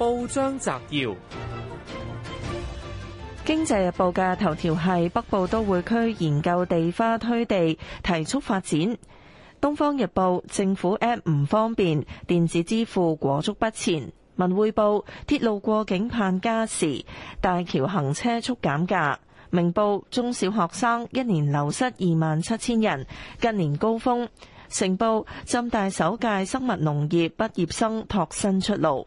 報章摘要：經濟日報嘅頭條係北部都會區研究地花推地提速發展。東方日報政府 App 唔方便，電子支付裹足不前。文匯報，鐵路過境盼加時，大橋行車速減價。明報，中小學生一年流失二萬七千人，近年高峰。成報，浸大首屆生物農業畢業生拓新出路。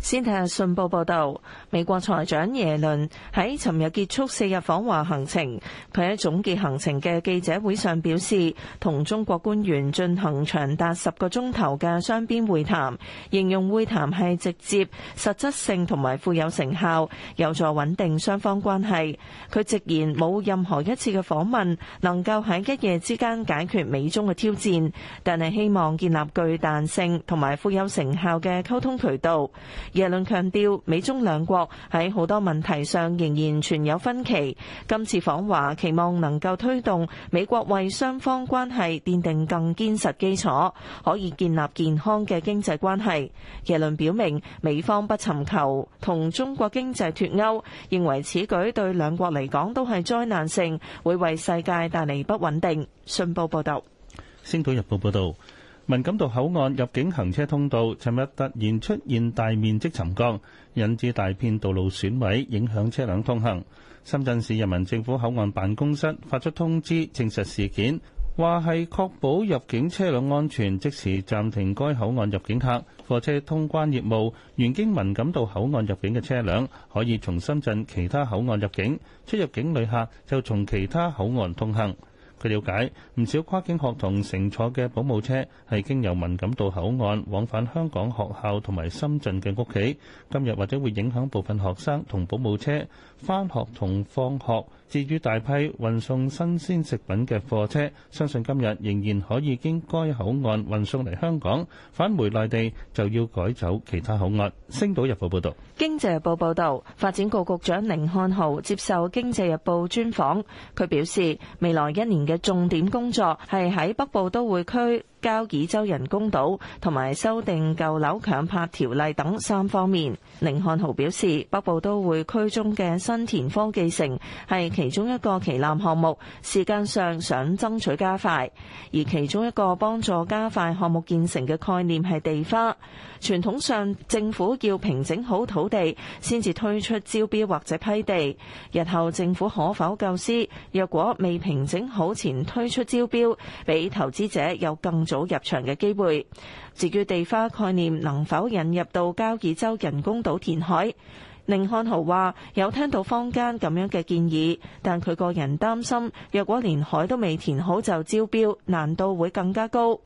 先睇下信報報導，美國財長耶倫喺尋日結束四日訪華行程。佢喺總結行程嘅記者會上表示，同中國官員進行長達十個鐘頭嘅雙邊會談，形容會談係直接、實質性同埋富有成效，有助穩定雙方關係。佢直言冇任何一次嘅訪問能夠喺一夜之間解決美中嘅挑戰，但係希望建立具彈性同埋富有成效嘅溝通渠道。耶倫強調，美中兩國喺好多問題上仍然存有分歧。今次訪華期望能夠推動美國為雙方關係奠定更堅實基礎，可以建立健康嘅經濟關係。耶倫表明，美方不尋求同中國經濟脫鈎，認為此舉對兩國嚟講都係災難性，會為世界帶嚟不穩定。信報報導，星島日報報導。文錦渡口岸入境行車通道尋日突然出現大面積沉降，引致大片道路損毀，影響車輛通行。深圳市人民政府口岸辦公室發出通知證實事件，話係確保入境車輛安全，即時暫停該口岸入境客貨車通關業務。原經文錦渡口岸入境嘅車輛，可以從深圳其他口岸入境；出入境旅客就從其他口岸通行。據了解，唔少跨境學童乘坐嘅保姆車係經由文錦渡口岸往返香港學校同埋深圳嘅屋企，今日或者會影響部分學生同保姆車翻學同放學。至於大批運送新鮮食品嘅貨車，相信今日仍然可以經該口岸運送嚟香港，返回內地就要改走其他口岸。星島日報報道。經濟日報報道，發展局局長寧漢豪接受經濟日報專訪，佢表示未來一年嘅重點工作係喺北部都會區。交椅洲人工島同埋修訂舊樓強拍條例等三方面，甯漢豪表示北部都會區中嘅新田科技城係其中一個旗艦項目，時間上想爭取加快。而其中一個幫助加快項目建成嘅概念係地花。傳統上政府要平整好土地先至推出招標或者批地，日後政府可否構思，若果未平整好前推出招標，俾投資者有更早入場嘅機會，至於地花概念能否引入到交椅洲人工島填海？寧漢豪話：有聽到坊間咁樣嘅建議，但佢個人擔心，若果連海都未填好就招標，難度會更加高。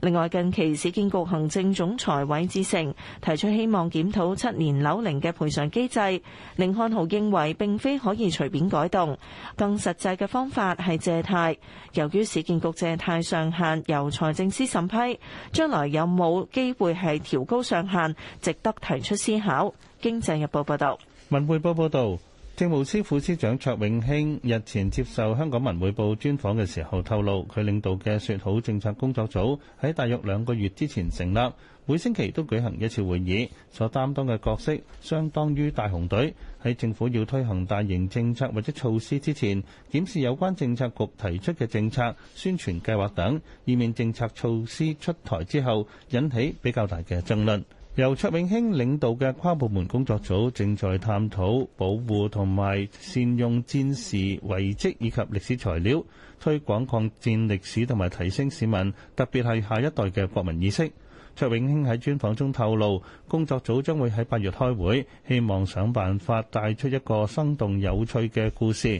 另外，近期市建局行政總裁韋志成提出希望檢討七年樓齡嘅賠償機制，寧漢豪認為並非可以隨便改動，更實際嘅方法係借貸。由於市建局借貸上限由財政司審批，將來有冇機會係調高上限，值得提出思考。《經濟日報》報導，《文匯報》報導，政務司副司長卓永興日前接受《香港文匯報》專訪嘅時候透露，佢領導嘅説好政策工作組喺大約兩個月之前成立，每星期都舉行一次會議，所擔當嘅角色相當於大紅隊，喺政府要推行大型政策或者措施之前，檢視有關政策局提出嘅政策、宣傳計劃等，以免政策措施出台之後引起比較大嘅爭論。由卓永興領導嘅跨部門工作組正在探討保護同埋善用戰事遺蹟以及歷史材料，推廣抗戰歷史同埋提升市民，特別係下一代嘅國民意識。卓永興喺專訪中透露，工作組將會喺八月開會，希望想辦法帶出一個生動有趣嘅故事。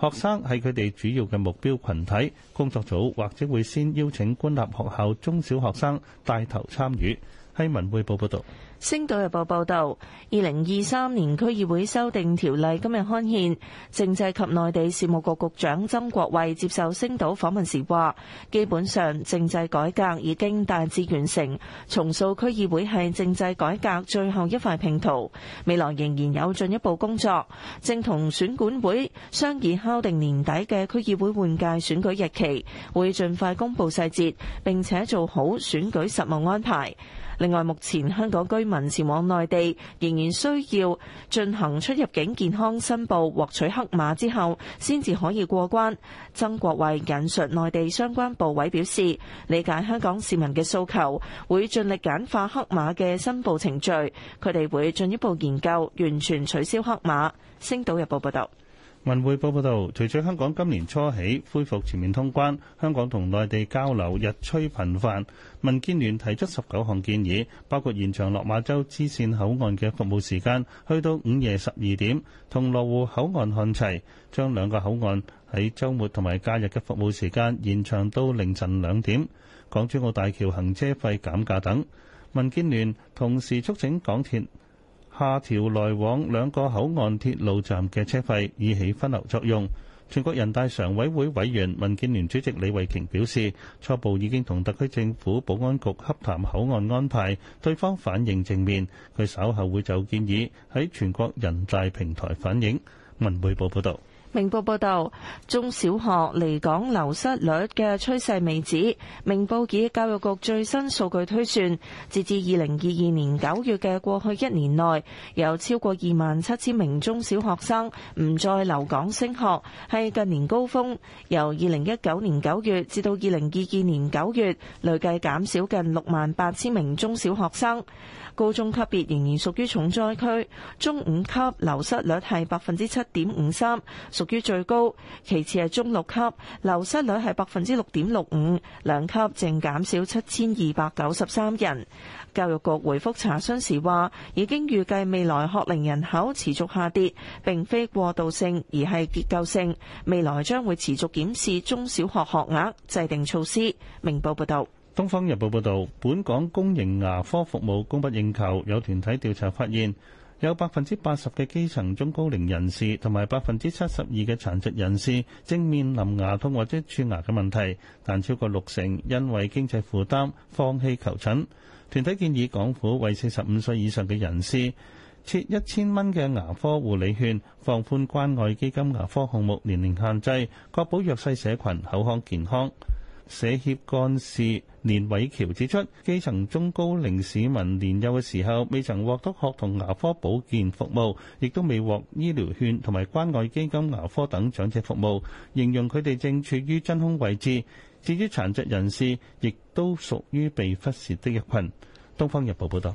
學生係佢哋主要嘅目標群體，工作組或者會先邀請官立學校中小學生帶頭參與。《文匯報》報道，《星島日報》報道，二零二三年區議會修訂條例今日刊憲。政制及內地事務局局長曾國衛接受《星島》訪問時話，基本上政制改革已經大致完成，重塑區議會係政制改革最後一塊拼圖。未來仍然有進一步工作，正同選管會商議敲定年底嘅區議會換屆選舉日期，會盡快公布細節，並且做好選舉實務安排。另外，目前香港居民前往內地仍然需要進行出入境健康申報獲取黑碼之後先至可以過關。曾國衛引述內地相關部委表示，理解香港市民嘅訴求，會盡力簡化黑碼嘅申報程序。佢哋會進一步研究完全取消黑碼。星島日報報道。文匯報報道，隨着香港今年初起恢復全面通關，香港同內地交流日趨頻繁。民建聯提出十九項建議，包括延長落馬洲支線口岸嘅服務時間，去到午夜十二點，同羅湖口岸看齊，將兩個口岸喺週末同埋假日嘅服務時間延長到凌晨兩點；港珠澳大橋行車費減價等。民建聯同時促請港鐵，下調來往兩個口岸鐵路站嘅車費以起分流作用。全國人大常委會委員民建聯主席李慧瓊表示，初步已經同特區政府保安局洽談口岸安排，對方反應正面。佢稍後會就建議喺全國人大平台反映。文匯報報道。明報報道，中小學離港流失率嘅趨勢未止。明報以教育局最新數據推算，截至二零二二年九月嘅過去一年內，有超過二萬七千名中小學生唔再留港升學，係近年高峰。由二零一九年九月至到二零二二年九月，累計減少近六萬八千名中小學生。高中級別仍然屬於重災區，中五級流失率係百分之七點五三，屬於最高；其次係中六級，流失率係百分之六點六五，兩級淨減少七千二百九十三人。教育局回覆查詢時話，已經預計未來學齡人口持續下跌，並非過渡性，而係結構性，未來將會持續檢視中小學學額，制定措施。明報報道。《東方日報》報導，本港公營牙科服務供不應求。有團體調查發現，有百分之八十嘅基層中高齡人士同埋百分之七十二嘅殘疾人士正面臨牙痛或者蛀牙嘅問題，但超過六成因為經濟負擔放棄求診。團體建議港府為四十五歲以上嘅人士設一千蚊嘅牙科護理券，放寬關愛基金牙科項目年齡限制，確保弱勢社群口腔健康。社協幹事連偉橋指出，基層中高齡市民年幼嘅時候未曾獲得學童牙科保健服務，亦都未獲醫療券同埋關愛基金牙科等長者服務，形容佢哋正處於真空位置。至於殘疾人士，亦都屬於被忽視的一群。《東方日報》報道。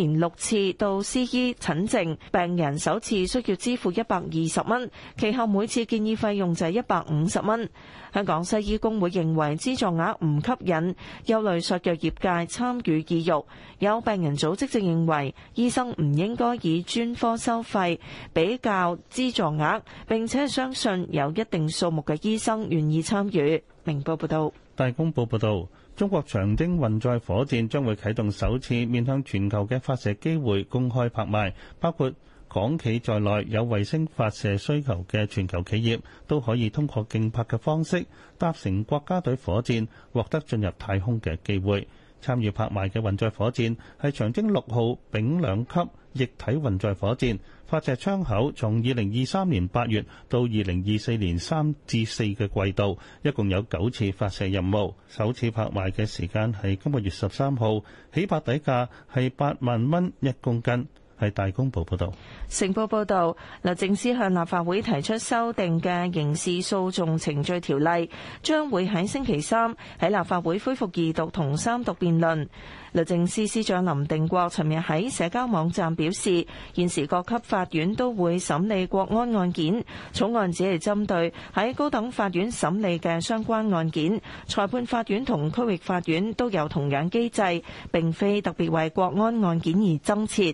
連六次到私醫診症，病人首次需要支付一百二十蚊，其後每次建議費用就係一百五十蚊。香港西醫工會認為資助額唔吸引，憂慮削弱業界參與意欲。有病人組織就認為醫生唔應該以專科收費比較資助額，並且相信有一定數目嘅醫生願意參與。明報報道，大公報報道。中國長征運載火箭將會啟動首次面向全球嘅發射機會公開拍賣，包括港企在內有衛星發射需求嘅全球企業都可以通過競拍嘅方式搭乘國家隊火箭，獲得進入太空嘅機會。參與拍賣嘅運載火箭係長征六號丙兩級液體運載火箭，發射窗口從二零二三年八月到二零二四年三至四嘅季度，一共有九次發射任務。首次拍賣嘅時間係今個月十三號，起拍底價係八萬蚊一公斤。.係大公報報道。成報報道，律政司向立法會提出修訂嘅刑事訴訟程序條例，將會喺星期三喺立法會恢復二讀同三讀辯論。律政司司長林定國尋日喺社交網站表示，現時各級法院都會審理國安案件，草案只係針對喺高等法院審理嘅相關案件。裁判法院同區域法院都有同樣機制，並非特別為國安案件而增設。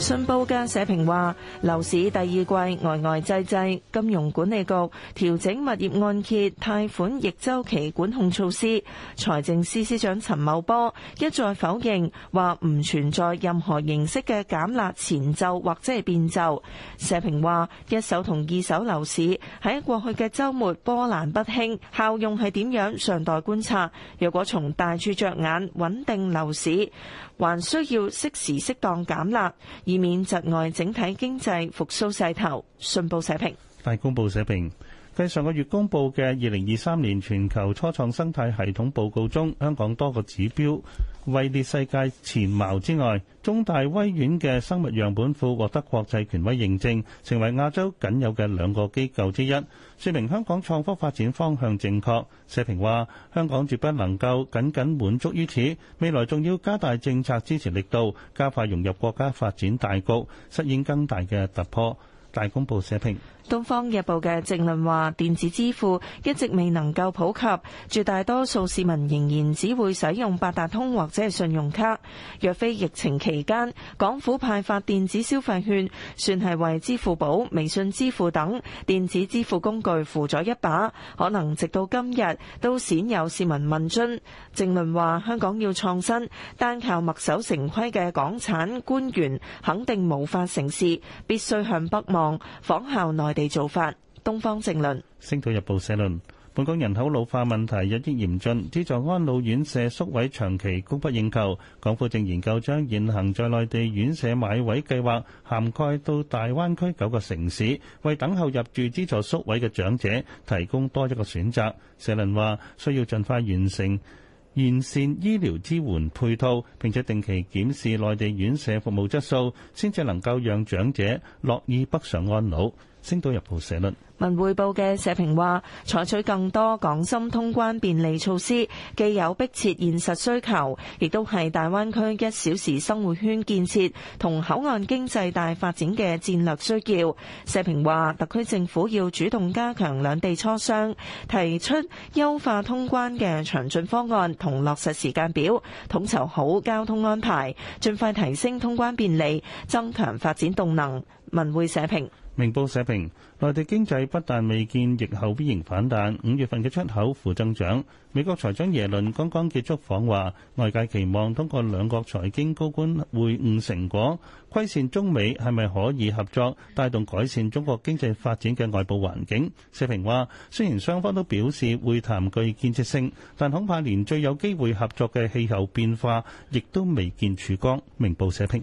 信報嘅社評話：樓市第二季呆呆滯滯，金融管理局調整物業按揭貸款逆周期管控措施。財政司司長陳茂波一再否認，話唔存在任何形式嘅減辣前奏或者係變奏。社評話：一手同二手樓市喺過去嘅週末波瀾不興，效用係點樣尚待觀察。若果從大處着眼，穩定樓市，還需要適時適當減辣。以免窒礙整體經濟復甦勢頭，信報社評。快公報社評。上個月公布嘅二零二三年全球初創生態系統報告中，香港多個指標位列世界前茅之外，中大威院嘅生物樣本庫獲得國際權威認證，成為亞洲僅有嘅兩個機構之一，說明香港創科發展方向正確。社評話：香港絕不能夠僅僅滿足於此，未來仲要加大政策支持力度，加快融入國家發展大局，實現更大嘅突破。大公報社評。《東方日報》嘅政論話：電子支付一直未能夠普及，絕大多數市民仍然只會使用八達通或者係信用卡。若非疫情期間，港府派發電子消費券，算係為支付寶、微信支付等電子支付工具扶咗一把，可能直到今日都鮮有市民問津。政論話：香港要創新，單靠墨守成規嘅港產官員肯定無法成事，必須向北望，仿效內地嘅做法。東方正論，星島日報社論：本港人口老化問題日益嚴峻，資助安老院舍宿位長期供不應求。港府正研究將現行在內地院舍買位計劃涵蓋到大灣區九個城市，為等候入住資助宿位嘅長者提供多一個選擇。社論話，需要盡快完成完善醫療支援配套，並且定期檢視內地院舍服務質素，先至能夠讓長者樂意北上安老。《星島日報》社論。文匯報嘅社評話，採取更多港深通關便利措施，既有迫切現實需求，亦都係大灣區一小時生活圈建設同口岸經濟大發展嘅戰略需要。社評話，特區政府要主動加強兩地磋商，提出優化通關嘅詳盡方案同落實時間表，統籌好交通安排，盡快提升通關便利，增強發展動能。文匯社評。明報社評內地經濟不但未見疫後 U 型反彈，五月份嘅出口負增長，美國財長耶倫剛剛結束訪華，外界期望通過兩國財經高官會晤成果，規限中美係咪可以合作，帶動改善中國經濟發展嘅外部環境。社評話雖然雙方都表示會談具建設性，但恐怕連最有機會合作嘅氣候變化，亦都未見曙光。明報社評。